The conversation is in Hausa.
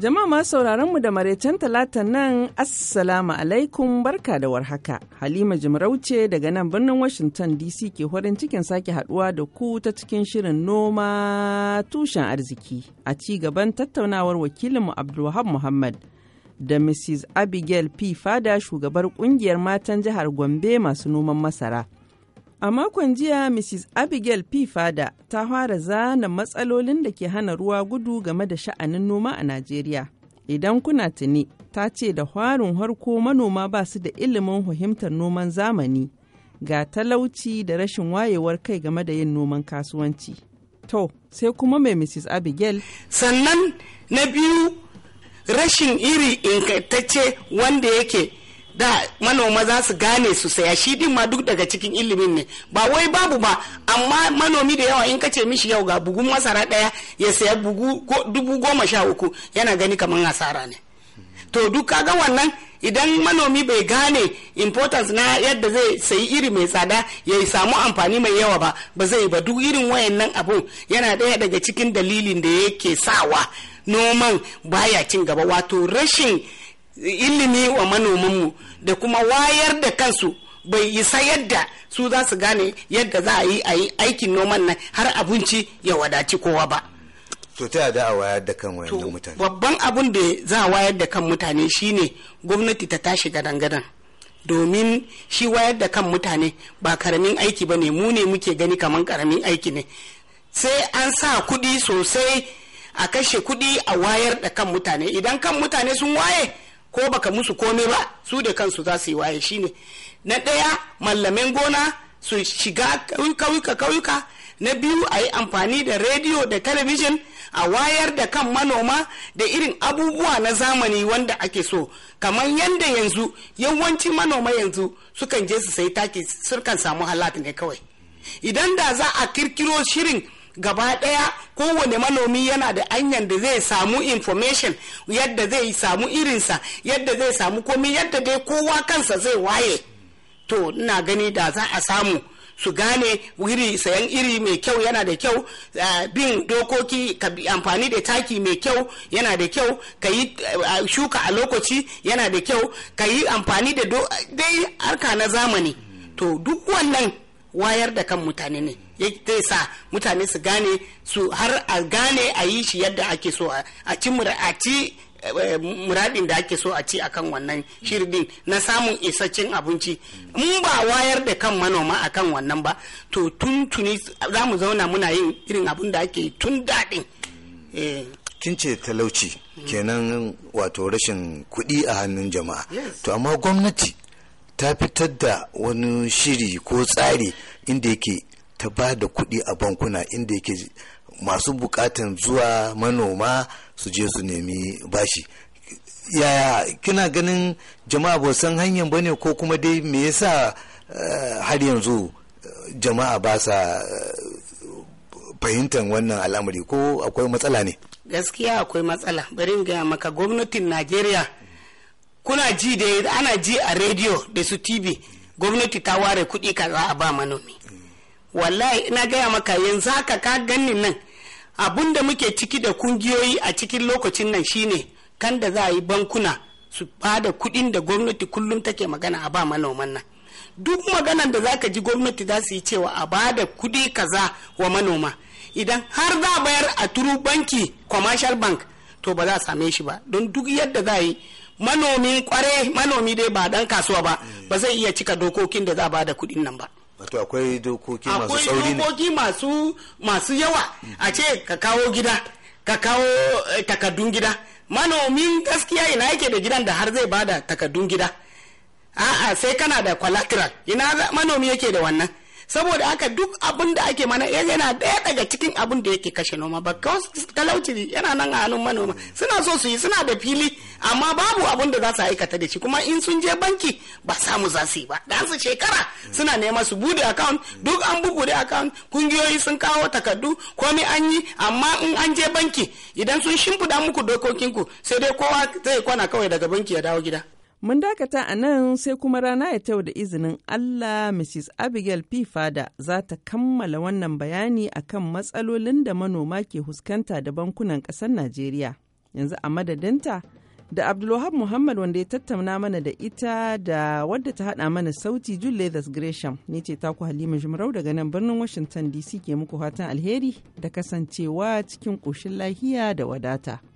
Jama'a ma sauraron mu da maraicen talata nan Assalamu alaikum barka da warhaka. Halima Jimarauce daga nan birnin Washington DC ke horin cikin sake haduwa da ku ta cikin shirin noma tushen arziki a ci gaban tattaunawar wakilinmu Abdulwahab Muhammad da Mrs. Abigail P. Fada shugabar kungiyar matan jihar Gombe masu noman masara. A makon jiya Mrs. Abigail P. Fada ta fara zana matsalolin da ke hana ruwa gudu game da sha'anin noma a Najeriya. Idan kuna tuni, ta ce da harin harko manoma ba su da ilimin fahimtar noman zamani ga talauci da rashin wayewar kai game da yin noman kasuwanci. To, sai kuma mai Mrs. Abigail. Sannan na biyu rashin iri ingantacce wanda yake da manoma za su gane su saya shi din ma duk daga cikin ilimin ne ba wai babu ba amma manomi da yawa in kace mishi yau ga bugun masara daya ya saya bugu dubu goma sha uku yana gani kamar asara ne to duk ka ga wannan idan manomi bai gane importance na yadda zai sayi iri mai tsada ya samu amfani mai yawa ba ba zai ba duk irin wayannan abun yana daya daga cikin dalilin da yake sawa noman baya cin gaba wato rashin ilimi wa manomanmu da kuma wayar da kansu bai isa yadda su za su gane yadda za a yi a yi aikin noman nan har abinci ya wadaci kowa ba. To ta da a wayar da kan wayar da mutane. Babban abin da za a wayar da kan mutane shine gwamnati ta tashi gadan-gadan. Domin shi wayar da kan mutane ba karamin aiki ba ne mu ne muke gani kamar karamin aiki ne. Sai an sa kuɗi sosai a kashe kuɗi a wayar da kan mutane. Idan kan mutane sun waye. ko baka musu komai ba su da kansu za su yi waye ne na ɗaya mallamin gona su shiga kauyuka kauyuka na biyu a yi amfani da rediyo da talabijin a wayar da kan manoma da irin abubuwa na zamani wanda ake so kamar yadda yanzu yawanci manoma yanzu sukan je su sai taki sukan samu halat ne kawai idan da za a kirkiro shirin gaba ɗaya kowane manomi yana da anyan da zai samu information yadda zai samu irinsa yadda zai samu komi yadda dai kowa kansa zai waye to ina gani da za a samu su gane wiri sayan iri mai kyau yana da kyau eh, bin dokoki ka amfani da taki mai kyau yana da kyau ka yi eh, shuka a lokaci yana da kyau ka yi amfani da dai harka na zamani to duk wannan wayar da kan mutane ne zai sa mutane su gane su har a gane a yi shi yadda ake so a ci eh, muradin da ake so a ci akan wannan shirdin na samun isaccen abinci in ba wayar da kan manoma a kan wannan ba to tun tuni za mu zauna muna yin irin abin da ake tun daɗin eh. kin ce talauci kenan wato rashin kuɗi a hannun jama'a to amma gwamnati ta fitar da wani shiri ko tsari inda yake ta ba da kuɗi a bankuna inda yake masu bukatan zuwa manoma su je su nemi bashi yaya kina ganin jama'a ba san hanyar bane ko kuma dai me yasa eh, har yanzu eh, jama'a ba sa eh, fahimtar wannan al'amari ko akwai matsala ne gaskiya akwai matsala bari in gaya maka gwamnatin najeriya kuna ji da ana ji a rediyo da su tv gwamnati ta ware kuɗi kaza a ba manomi wallahi ina gaya maka yanzu haka ka ganni nan abun da muke ciki da kungiyoyi a cikin lokacin nan shine kan da za a yi bankuna su bada kuɗin da gwamnati kullum take magana a ba manoman nan duk maganan da zaka ji gwamnati za su yi cewa a ba da kuɗi kaza wa manoma idan har za bayar a turu banki commercial bank to ba za a same shi ba don duk yadda za a yi manomi kware manomi dai ba dan kasuwa ba eh. ba zai iya cika dokokin da za a bada kuɗin nan ba wato akwai dokoki masu tsauri ne akwai dokoki masu masu yawa mm-hmm. a ce ka kawo gida ka kawo eh, takaddun gida manomin gaskiya ina yake da gidan da har zai bada takaddun gida a'a sai kana da collateral ina manomi yake da wannan saboda haka duk abin da ake mana eh, yana ɗaya daga cikin abin da yake kashe noma ba talauci yana nan a hannun manoma suna so su yi suna da fili amma babu abin da za su aikata da shi kuma in sun je banki ba samu za su yi ba dan su shekara suna neman su bude account duk an da account kungiyoyi sun kawo takardu komai an yi amma in an je banki idan sun shimfida muku dokokinku sai dai kowa zai kwana kawai daga banki ya dawo gida Mun dakata a nan sai kuma rana ya tau da izinin Allah Mrs. Abigail P. Fada za ta kammala wannan bayani akan matsalolin da manoma ke huskanta da bankunan ƙasar Najeriya. Yanzu a madadinta da Abdulwahab Muhammad wanda ya tattauna mana da ita da wadda ta haɗa mana sauti Julius Gresham. Ni ce ku Halima Jumrau daga nan birnin Washington DC ke muku fatan alheri da kasancewa cikin ƙoshin lahiya da wadata.